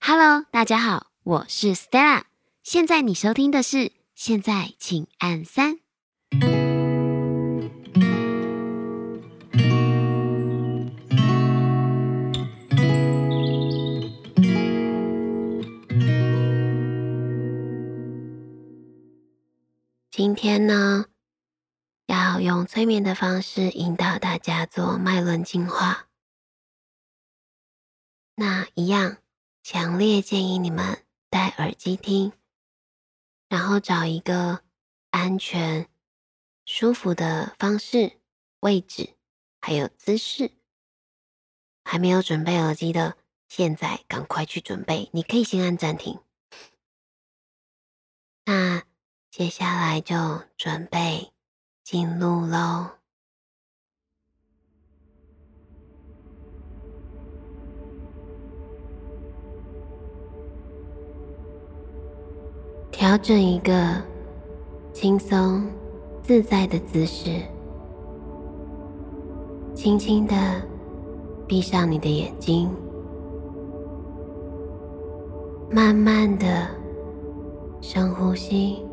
哈嘍，Hello, 大家好，我是 Stella。現在你收聽的是，現在請按三。今天呢，要用催眠的方式引導大家做脈輪淨化。那一樣。強烈建議你們戴耳機聽，然後找一個安全、舒服的方式、位置，還有姿勢。還沒有準備耳機的，現在趕快去準備，你可以先按暫停。那接下來就準備進入嘍。調整一個輕鬆自在的姿勢，輕輕的閉上你的眼睛，慢慢的深呼吸。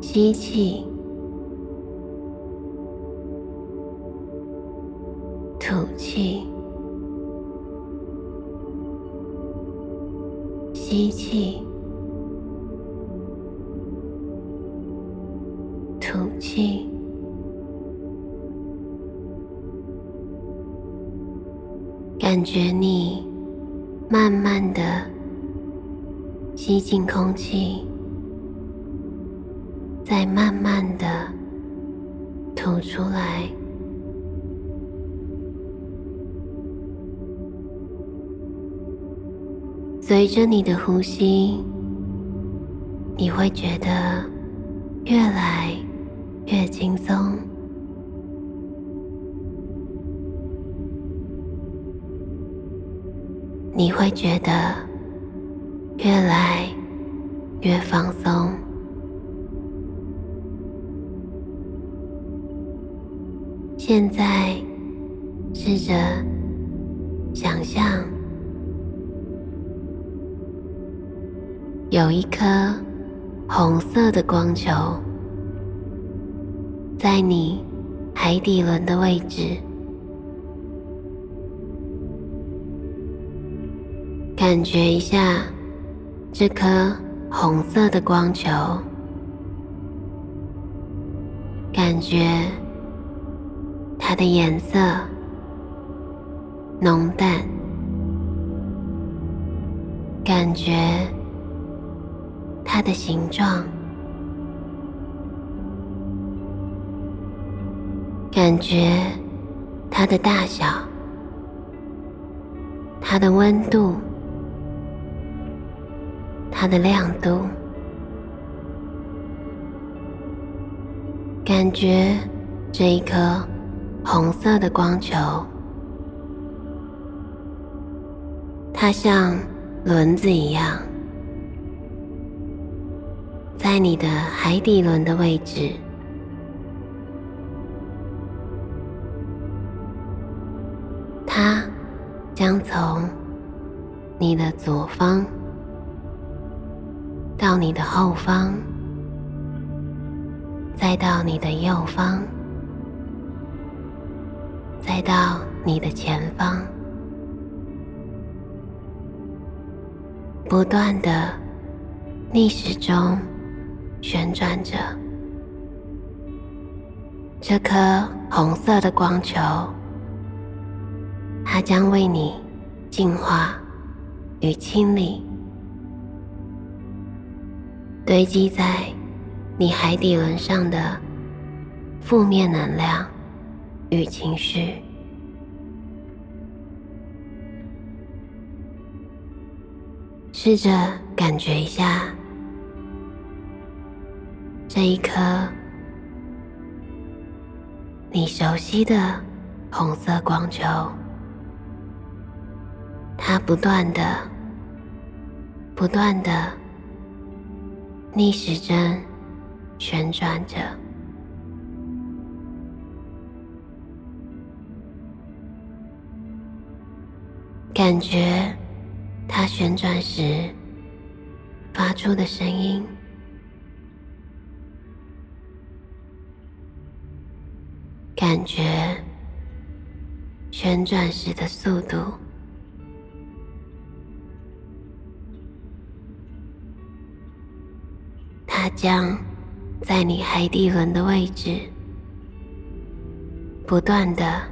吸氣。吸，吸氣，吐氣，感覺你慢慢的吸進空氣，再慢慢的吐出來。隨着你的呼吸，你會覺得越來越輕鬆，你會覺得越來越放鬆。現在試着想象。有一顆紅色的光球，在你海底輪的位置，感覺一下這顆紅色的光球，感覺它的顏色濃淡，感覺。它的形狀，感覺它的大小，它的溫度，它的亮度，感覺這一顆紅色的光球，它像輪子一樣。在你的海底輪的位置，它將從你的左方到你的後方，再到你的右方，再到你的前方，不斷的逆時鐘，旋轉着這顆紅色的光球，它將為你淨化與清理堆積在你海底輪上的負面能量與情緒。試着感覺一下。這一顆你熟悉的紅色光球，它不斷的、不斷的逆時針旋轉着，感覺它旋轉時發出的聲音。感覺旋轉時的速度，它將在你海底輪的位置不斷的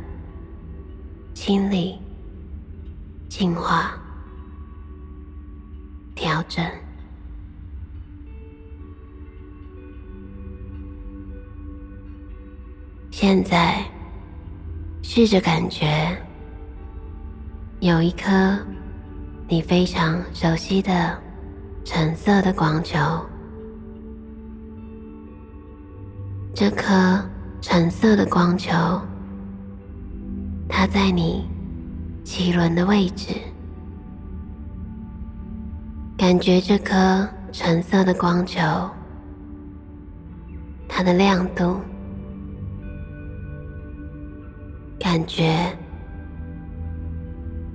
清理、淨化、調整。現在，試着感覺有一顆你非常熟悉的橙色的光球。這顆橙色的光球，它在你臍輪的位置。感覺這顆橙色的光球，它的亮度。感覺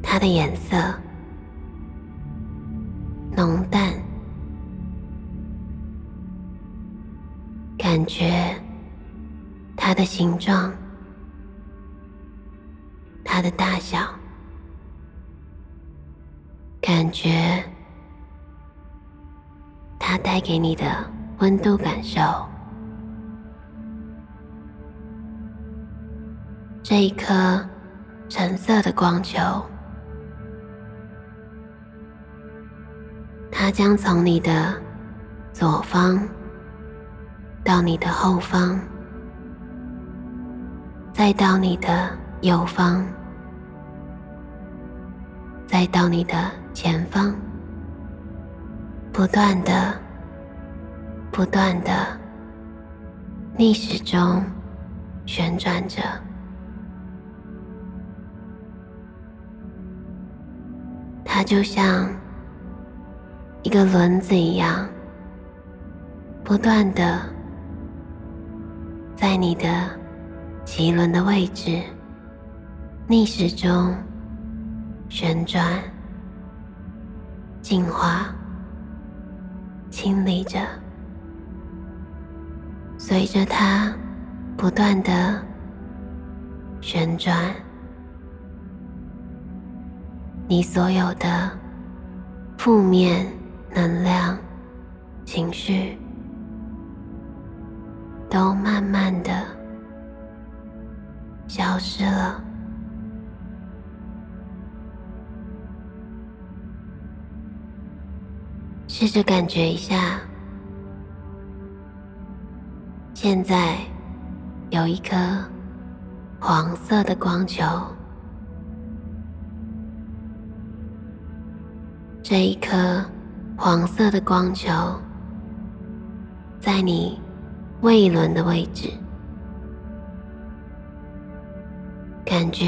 他的顏色濃淡，感覺他的形狀、他的大小，感覺他帶給你的溫度感受。這一顆橙色的光球，它將從你的左方到你的後方，再到你的右方，再到你的前方，不斷的、不斷的逆時針旋轉着。它就像一個輪子一樣，不斷的在你的臍輪的位置逆時針旋轉、淨化、清理着，隨着它不斷的旋轉。你所有的負面能量、情緒，都慢慢的消失了。試着感覺一下，現在有一顆黃色的光球。這一顆黃色的光球，在你胃輪的位置，感覺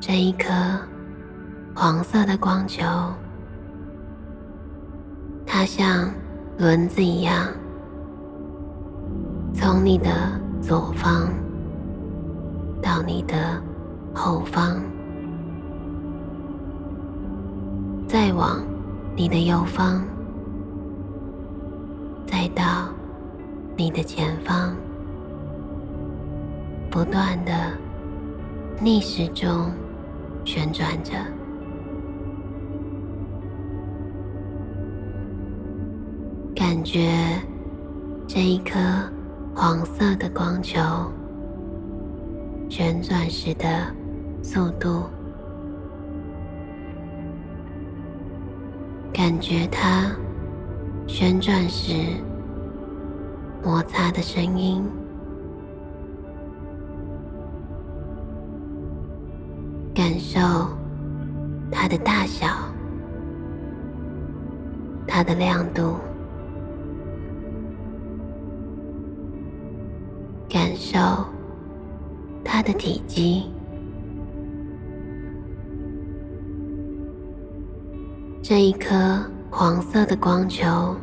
這一顆黃色的光球，它像輪子一樣，從你的左方到你的後方，再往你的右方，再到你的前方，不斷的逆時鐘旋轉着，感覺這一顆黃色的光球旋轉時的速度。感覺它旋轉時摩擦的聲音，感受它的大小、它的亮度，感受它的體積。這一顆黃色的光球，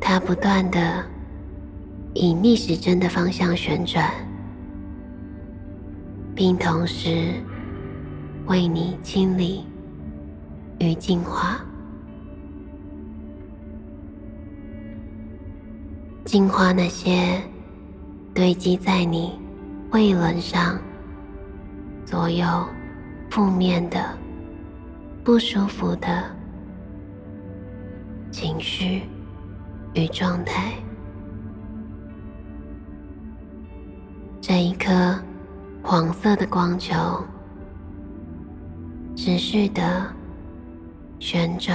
它不斷的以逆時針的方向旋轉，並同時為你清理與淨化，淨化那些堆積在你胃輪上左右，負面的、不舒服的情緒與狀態，這一顆黃色的光球持續的旋轉、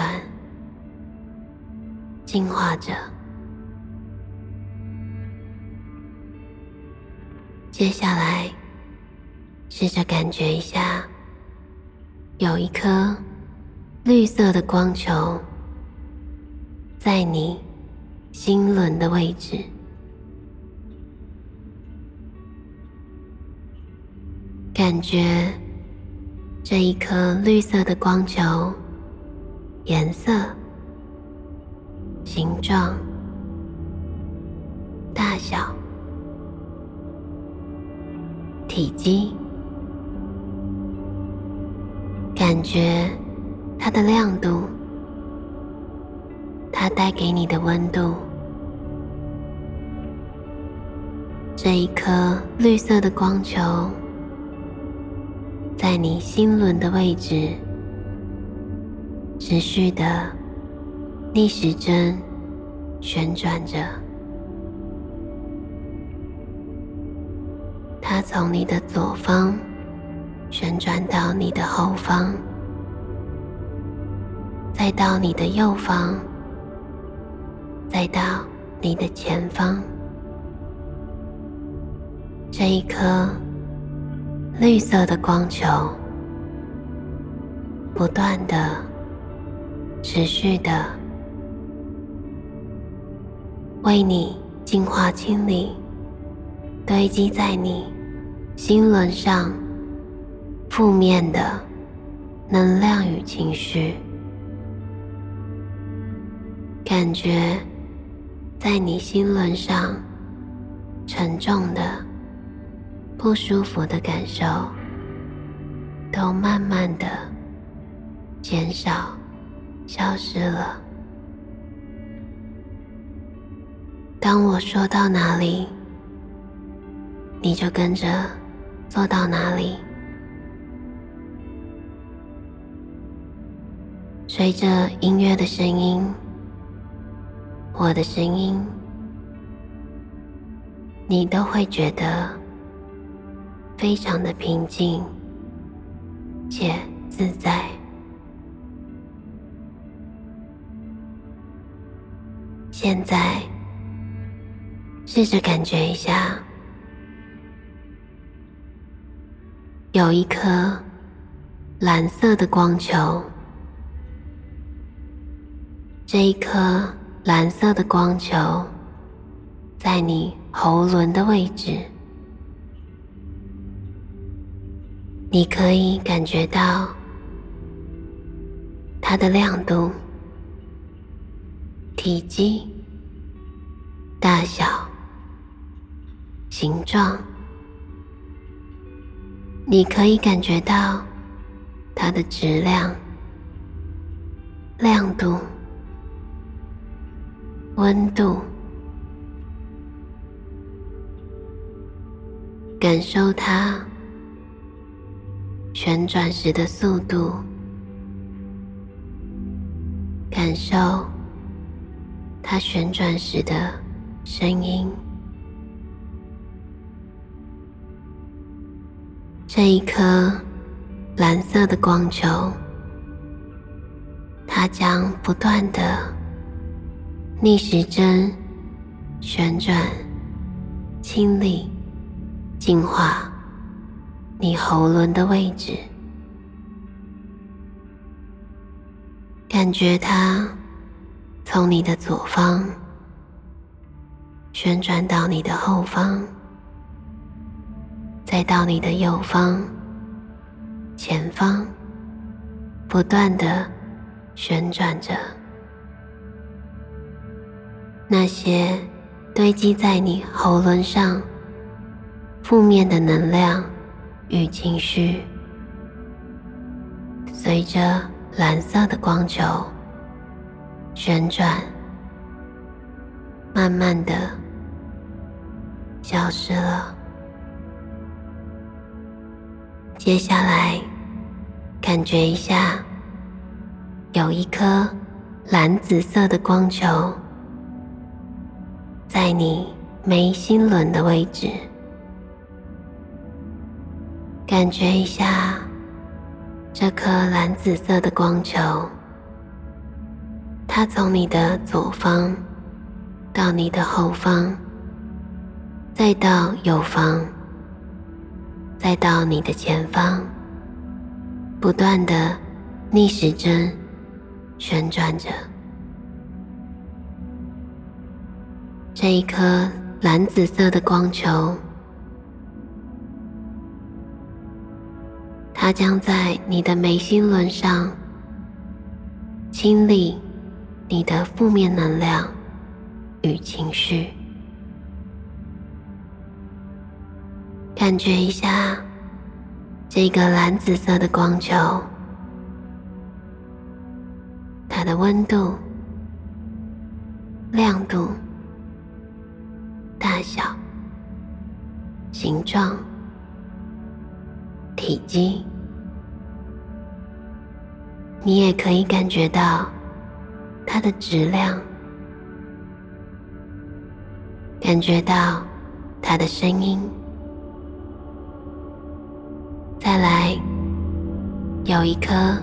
淨化着。接下來，試着感覺一下。有一顆綠色的光球，在你心輪的位置。感覺這一顆綠色的光球，顏色、形狀、大小、體積。感覺它的亮度，它帶給你的溫度。這一顆綠色的光球，在你心輪的位置，持續的逆時針旋轉着，它從你的左方。旋轉到你的後方，再到你的右方，再到你的前方。這一顆綠色的光球，不斷的、持續的，為你淨化、清理堆積在你心輪上。負面的能量與情緒，感覺在你心輪上沉重的、不舒服的感受，都慢慢的減少、消失了。當我說到哪裡，你就跟着做到哪裡。隨着音樂的聲音，我的聲音，你都會覺得非常的平靜且自在。現在試着感覺一下，有一顆藍色的光球。這一顆藍色的光球，在你喉輪的位置，你可以感覺到它的亮度、體積、大小、形狀。你可以感覺到它的質量、亮度。溫度，感受它旋轉時的速度，感受它旋轉時的聲音。這一顆藍色的光球，它將不斷地逆時針旋轉，清理、淨化你喉輪的位置，感覺它從你的左方旋轉到你的後方，再到你的右方、前方，不斷的旋轉着。那些堆積在你喉輪上負面的能量與情緒，隨着藍色的光球旋轉，慢慢地消失了。接下來，感覺一下，有一顆藍紫色的光球。在你眉心輪的位置，感覺一下這顆藍紫色的光球，它從你的左方到你的後方，再到右方，再到你的前方，不斷地逆時針旋轉着。這一顆藍紫色的光球，它將在你的眉心輪上清理你的負面能量與情緒。感覺一下這個藍紫色的光球，它的溫度、亮度。大小、形狀、體積，你也可以感覺到它的質量，感覺到它的聲音。再來，有一顆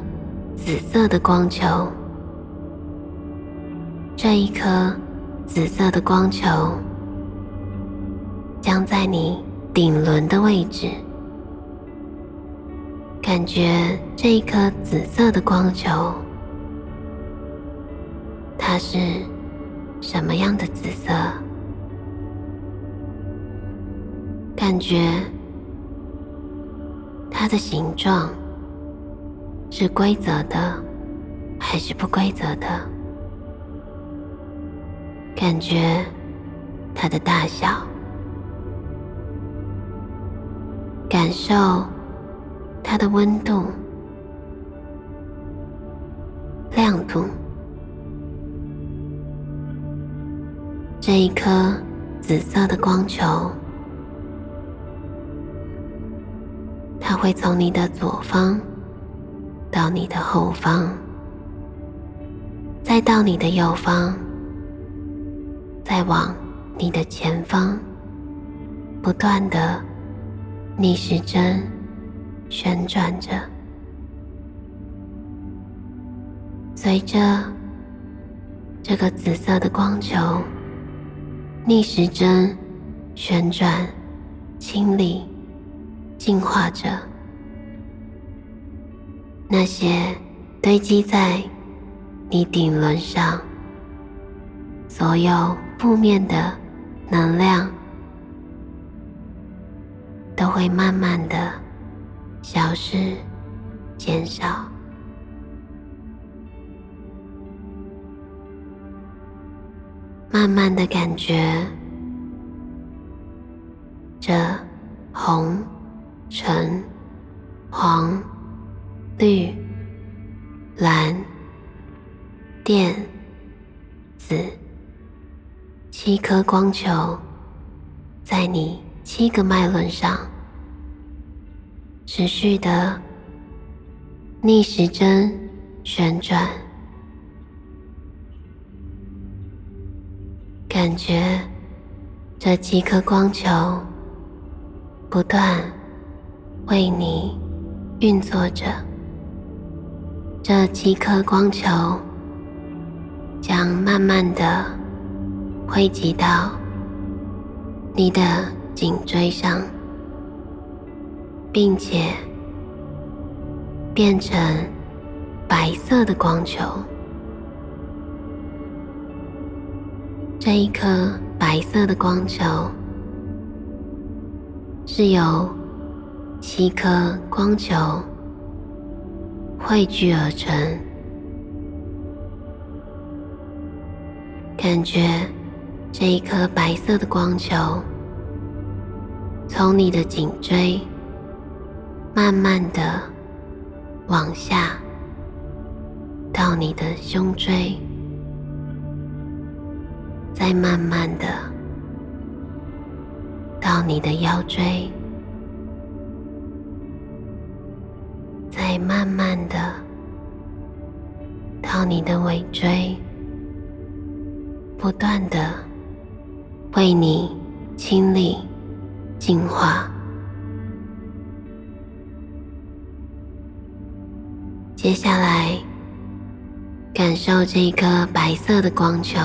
紫色的光球。這一顆紫色的光球，將在你頂輪的位置，感覺這一顆紫色的光球，它是什麼樣的紫色？感覺它的形狀是規則的還是不規則的？感覺它的大小。感受它的溫度、亮度。這一顆紫色的光球，它會從你的左方到你的後方，再到你的右方，再往你的前方，不斷的。逆時針旋轉着，隨着這個紫色的光球逆時針旋轉，清理、淨化着那些堆積在你頂輪上所有負面的能量。都會慢慢的消失、減少，慢慢的感覺這紅、橙、黃、綠、藍、靛、紫七顆光球在你七個脈輪上持續地逆時針旋轉，感覺這七顆光球不斷為你運作着。這七顆光球將慢慢地匯集到你的。頸椎上，並且變成白色的光球。這一顆白色的光球是由七顆光球匯聚而成。感覺這一顆白色的光球。從你的頸椎，慢慢的往下，到你的胸椎，再慢慢的到你的腰椎，再慢慢的到你的尾椎，不斷的為你清理。淨化。接下來，感受這個白色的光球，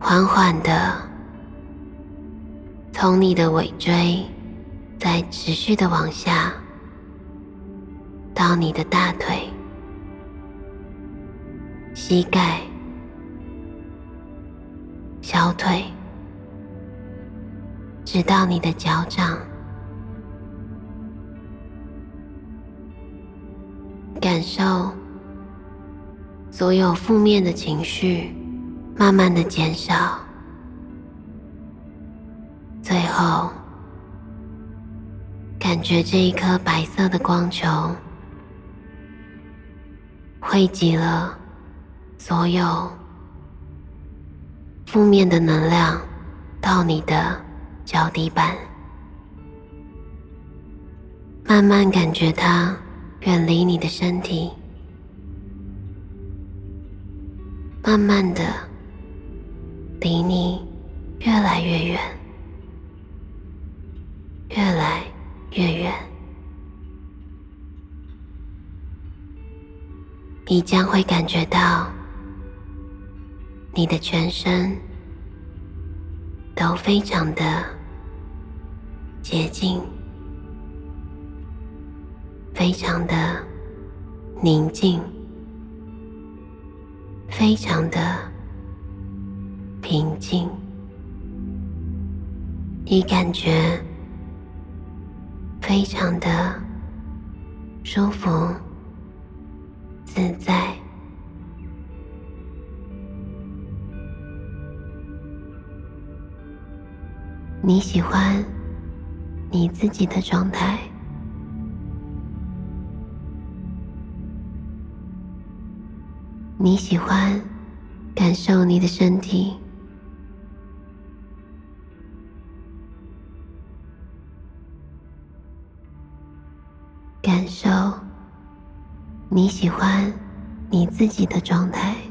緩緩的從你的尾椎，再持續的往下，到你的大腿、膝蓋、小腿。直到你的腳掌，感受所有負面的情緒慢慢的減少，最後感覺這一顆白色的光球匯集了所有負面的能量到你的腳底板，慢慢感覺它遠離你的身體，慢慢的離你越來越遠，越來越遠，你將會感覺到你的全身都非常的。潔淨，非常的寧靜，非常的平靜。你感覺非常的舒服、自在，你喜歡。你自己的狀態，你喜歡感受你的身體，感受你喜歡你自己的狀態。